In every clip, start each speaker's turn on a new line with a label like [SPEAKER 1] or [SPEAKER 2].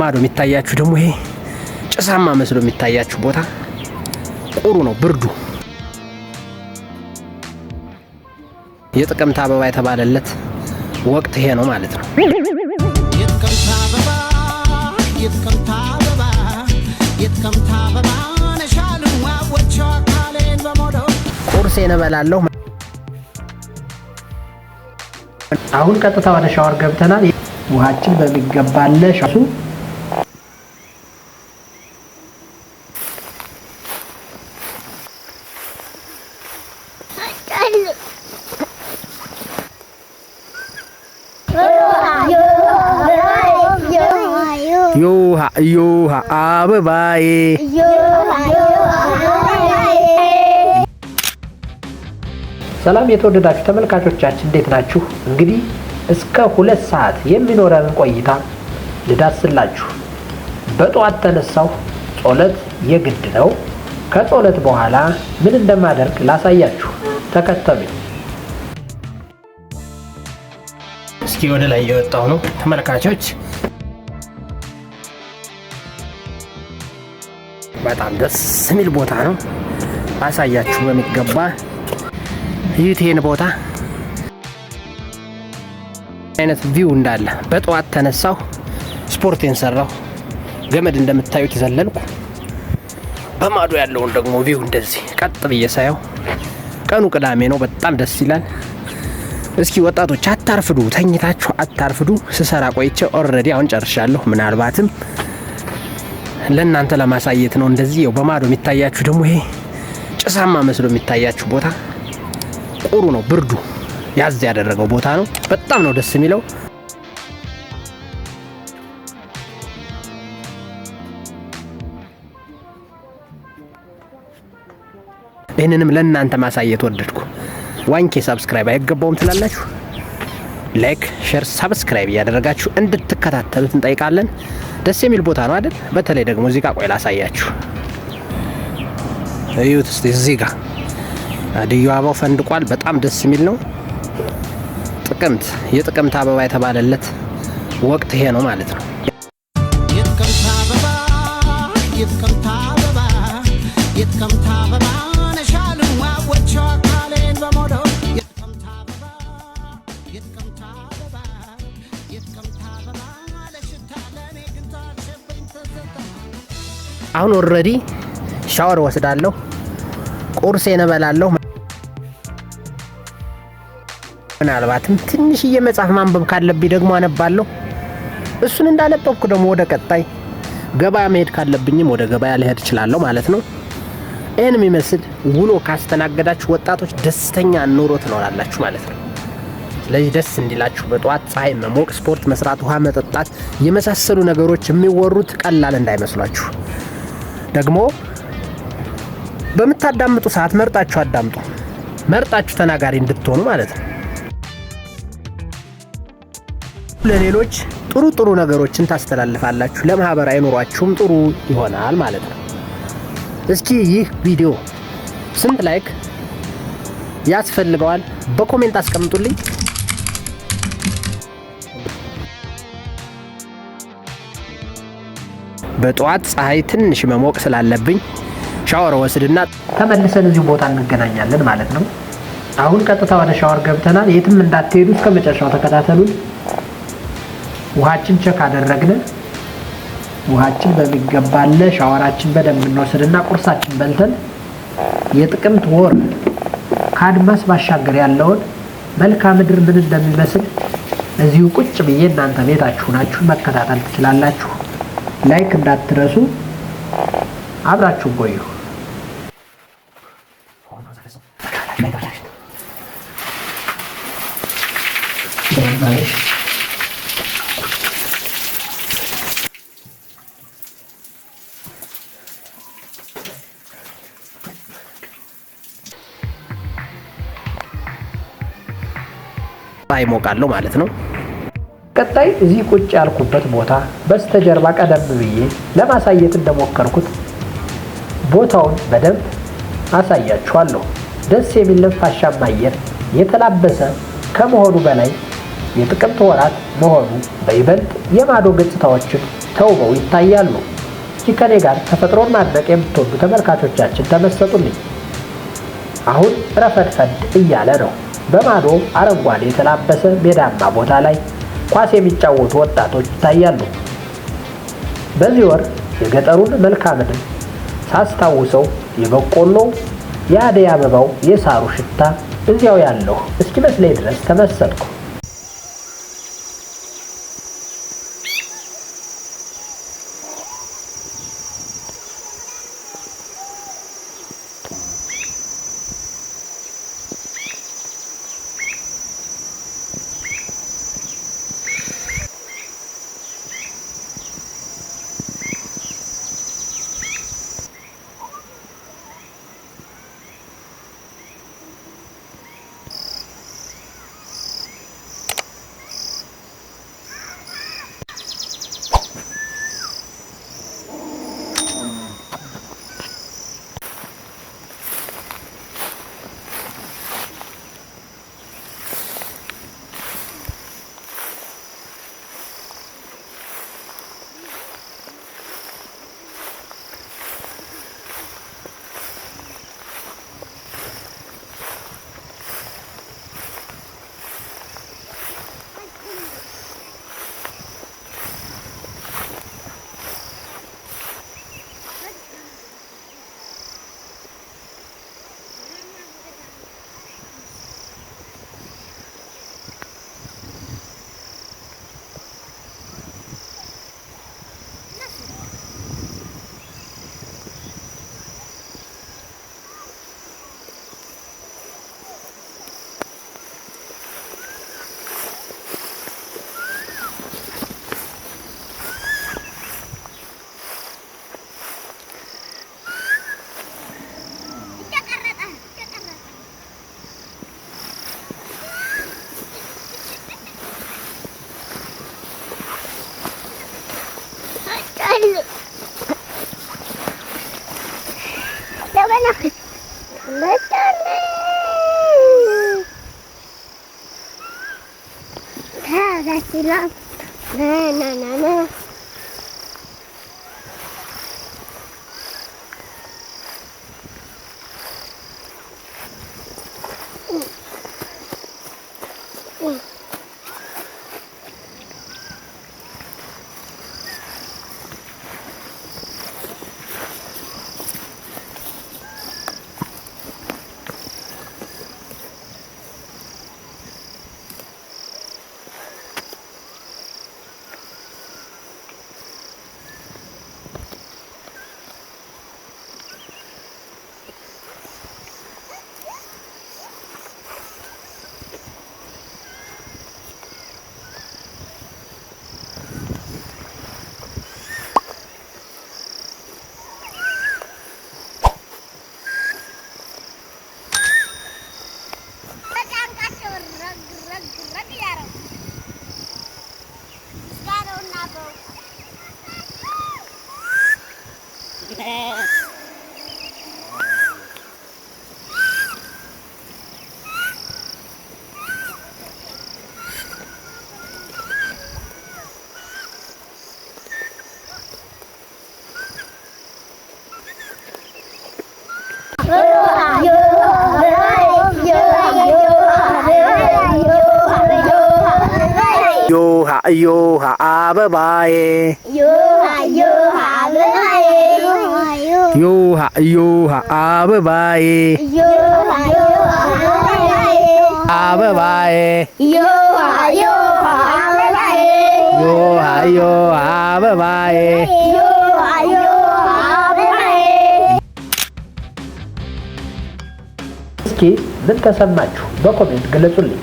[SPEAKER 1] ማዶ የሚታያችሁ ደግሞ ይሄ ጭሳማ መስሎ የሚታያችሁ ቦታ ቁሩ ነው ብርዱ። የጥቅምት አበባ የተባለለት ወቅት ይሄ ነው ማለት ነው። ቁርሴን እበላለሁ። አሁን ቀጥታ ወደ ሻወር ገብተናል። ውሃችን በሚገባለ ዮሃ ዮሃ አበባዬ ሰላም የተወደዳችሁ ተመልካቾቻችን እንዴት ናችሁ? እንግዲህ እስከ ሁለት ሰዓት የሚኖረንን ቆይታ ልዳስላችሁ። በጠዋት ተነሳሁ። ጸሎት የግድ ነው። ከጸሎት በኋላ ምን እንደማደርግ ላሳያችሁ፣ ተከተሉኝ። እስኪ ወደ ላይ እየወጣሁ ነው ተመልካቾች በጣም ደስ የሚል ቦታ ነው። አሳያችሁ በሚገባ እዩት ቦታ አይነት ቪው እንዳለ። በጠዋት ተነሳሁ፣ ስፖርቴን ሰራሁ፣ ገመድ እንደምታዩት ዘለልኩ። በማዶ ያለውን ደግሞ ቪው እንደዚህ ቀጥ ብዬ ሳየው፣ ቀኑ ቅዳሜ ነው። በጣም ደስ ይላል። እስኪ ወጣቶች አታርፍዱ፣ ተኝታችሁ አታርፍዱ። ስሰራ ቆይቼ ኦልሬዲ አሁን ጨርሻለሁ። ምናልባትም ለእናንተ ለማሳየት ነው። እንደዚህ ያው በማዶ የሚታያችሁ ደግሞ ይሄ ጭሳማ መስሎ የሚታያችሁ ቦታ ቁሩ ነው፣ ብርዱ ያዝ ያደረገው ቦታ ነው። በጣም ነው ደስ የሚለው። ይህንንም ለእናንተ ማሳየት ወደድኩ። ዋንኬ ሳብስክራይብ አይገባውም ትላላችሁ። ላይክ፣ ሼር፣ ሳብስክራይብ እያደረጋችሁ እንድትከታተሉት እንጠይቃለን። ደስ የሚል ቦታ ነው አይደል? በተለይ ደግሞ እዚህ ጋር ቆይ ላሳያችሁ። እዩት እስቲ እዚህ ጋር አድዩ አበባው ፈንድቋል። በጣም ደስ የሚል ነው። ጥቅምት የጥቅምት አበባ የተባለለት ወቅት ይሄ ነው ማለት ነው። የጥቅምት አበባ የጥቅምት አበባ አሁን ኦልሬዲ ሻወር ወስዳለሁ፣ ቁርስ እበላለሁ። ምናልባትም ትንሽዬ መጽሐፍ ማንበብ ካለብኝ ደግሞ አነባለሁ። እሱን እንዳነበብኩ ደግሞ ወደ ቀጣይ ገበያ መሄድ ካለብኝም ወደ ገበያ ልሄድ እችላለሁ ማለት ነው። ይህን የሚመስል ውሎ ካስተናገዳችሁ ወጣቶች ደስተኛ ኑሮ ትኖራላችሁ ማለት ነው። ስለዚህ ደስ እንዲላችሁ በጠዋት ፀሐይ መሞቅ፣ ስፖርት መስራት፣ ውሃ መጠጣት የመሳሰሉ ነገሮች የሚወሩት ቀላል እንዳይመስሏችሁ። ደግሞ በምታዳምጡ ሰዓት መርጣችሁ አዳምጡ፣ መርጣችሁ ተናጋሪ እንድትሆኑ ማለት ነው። ለሌሎች ጥሩ ጥሩ ነገሮችን ታስተላልፋላችሁ፣ ለማህበራዊ ኑሯችሁም ጥሩ ይሆናል ማለት ነው። እስኪ ይህ ቪዲዮ ስንት ላይክ ያስፈልገዋል? በኮሜንት አስቀምጡልኝ። በጠዋት ፀሐይ ትንሽ መሞቅ ስላለብኝ ሻወር ወስድና ተመልሰን እዚሁ ቦታ እንገናኛለን ማለት ነው። አሁን ቀጥታ ወደ ሻወር ገብተናል። የትም እንዳትሄዱ እስከ መጨረሻው ተከታተሉን። ውሃችን ቸክ አደረግን። ውሃችን በሚገባ አለ። ሻወራችን በደንብ እንወስድና ቁርሳችን በልተን የጥቅምት ወር ከአድማስ ባሻገር ያለውን መልክዓ ምድር ምን እንደሚመስል እዚሁ ቁጭ ብዬ እናንተ ቤታችሁ ናችሁ መከታተል ትችላላችሁ። ላይክ እንዳትረሱ። አብራችሁ ቆዩ። ይሞቃለሁ ማለት ነው። ቀጣይ እዚህ ቁጭ ያልኩበት ቦታ በስተጀርባ ቀደም ብዬ ለማሳየት እንደሞከርኩት ቦታውን በደንብ አሳያችኋለሁ። ደስ የሚል ነፋሻማ አየር የተላበሰ ከመሆኑ በላይ የጥቅምት ወራት መሆኑ በይበልጥ የማዶ ገጽታዎችን ተውበው ይታያሉ። ከኔ ጋር ተፈጥሮን ማድነቅ የምትወዱ ተመልካቾቻችን ተመሰጡልኝ። አሁን ረፈድፈድ እያለ ነው። በማዶ አረንጓዴ የተላበሰ ሜዳማ ቦታ ላይ ኳስ የሚጫወቱ ወጣቶች ይታያሉ። በዚህ ወር የገጠሩን መልክዓ ምድር ሳስታውሰው የበቆሎው፣ የአደይ አበባው፣ የሳሩ ሽታ እዚያው ያለሁ እስኪመስለኝ ድረስ ተመሰልኩ። I love Na na na ዮሃ አበባዬ ዮሃ ዮሃ አበባዬ አበባዬ ዮሃ ዮሃ አበባዬ እስኪ ምን ተሰማችሁ? በኮሜንት ገለጹልኝ።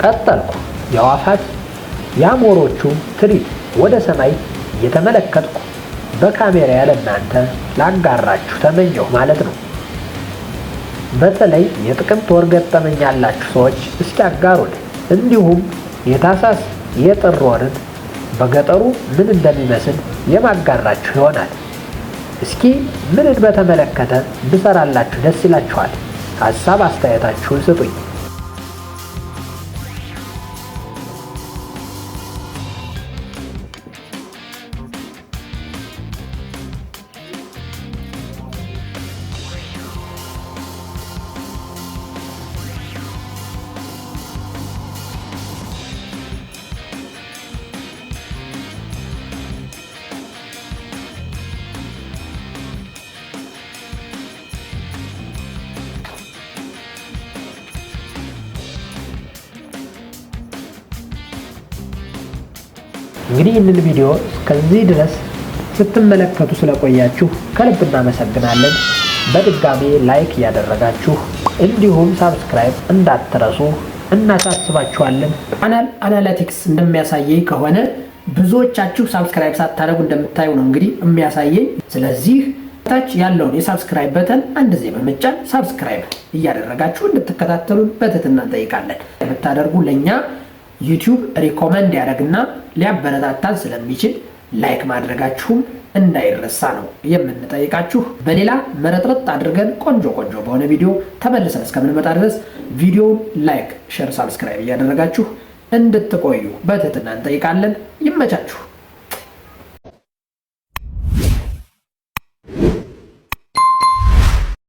[SPEAKER 1] ቀጠልኩ የአዋፋት የአሞሮቹ ትርኢት ወደ ሰማይ እየተመለከትኩ በካሜራ ያለ እናንተ ላጋራችሁ ተመኘሁ ማለት ነው። በተለይ የጥቅምት ወር ገጠመኝ ያላችሁ ሰዎች እስኪ አጋሩን። እንዲሁም የታህሳስ የጥር ወርን በገጠሩ ምን እንደሚመስል የማጋራችሁ ይሆናል። እስኪ ምንን በተመለከተ ብሰራላችሁ ደስ ይላችኋል? ሀሳብ አስተያየታችሁን ስጡኝ። እንግዲህ ይህንን ቪዲዮ እስከዚህ ድረስ ስትመለከቱ ስለቆያችሁ ከልብ እናመሰግናለን። በድጋሜ ላይክ እያደረጋችሁ እንዲሁም ሳብስክራይብ እንዳትረሱ እናሳስባችኋለን። አናል አናላቲክስ እንደሚያሳየኝ ከሆነ ብዙዎቻችሁ ሳብስክራይብ ሳታደረጉ እንደምታዩ ነው እንግዲህ የሚያሳየኝ። ስለዚህ ታች ያለውን የሳብስክራይብ በተን አንድ ዜ በመጫን ሳብስክራይብ እያደረጋችሁ እንድትከታተሉን በትህትና እንጠይቃለን። የምታደርጉ ለእኛ ዩቲዩብ ሪኮመንድ ያደረግና ሊያበረታታን ስለሚችል ላይክ ማድረጋችሁም እንዳይረሳ ነው የምንጠይቃችሁ። በሌላ መረጥረጥ አድርገን ቆንጆ ቆንጆ በሆነ ቪዲዮ ተመልሰን እስከምንመጣ ድረስ ቪዲዮውን ላይክ፣ ሸር፣ ሳብስክራይብ እያደረጋችሁ እንድትቆዩ በትህትና እንጠይቃለን። ይመቻችሁ።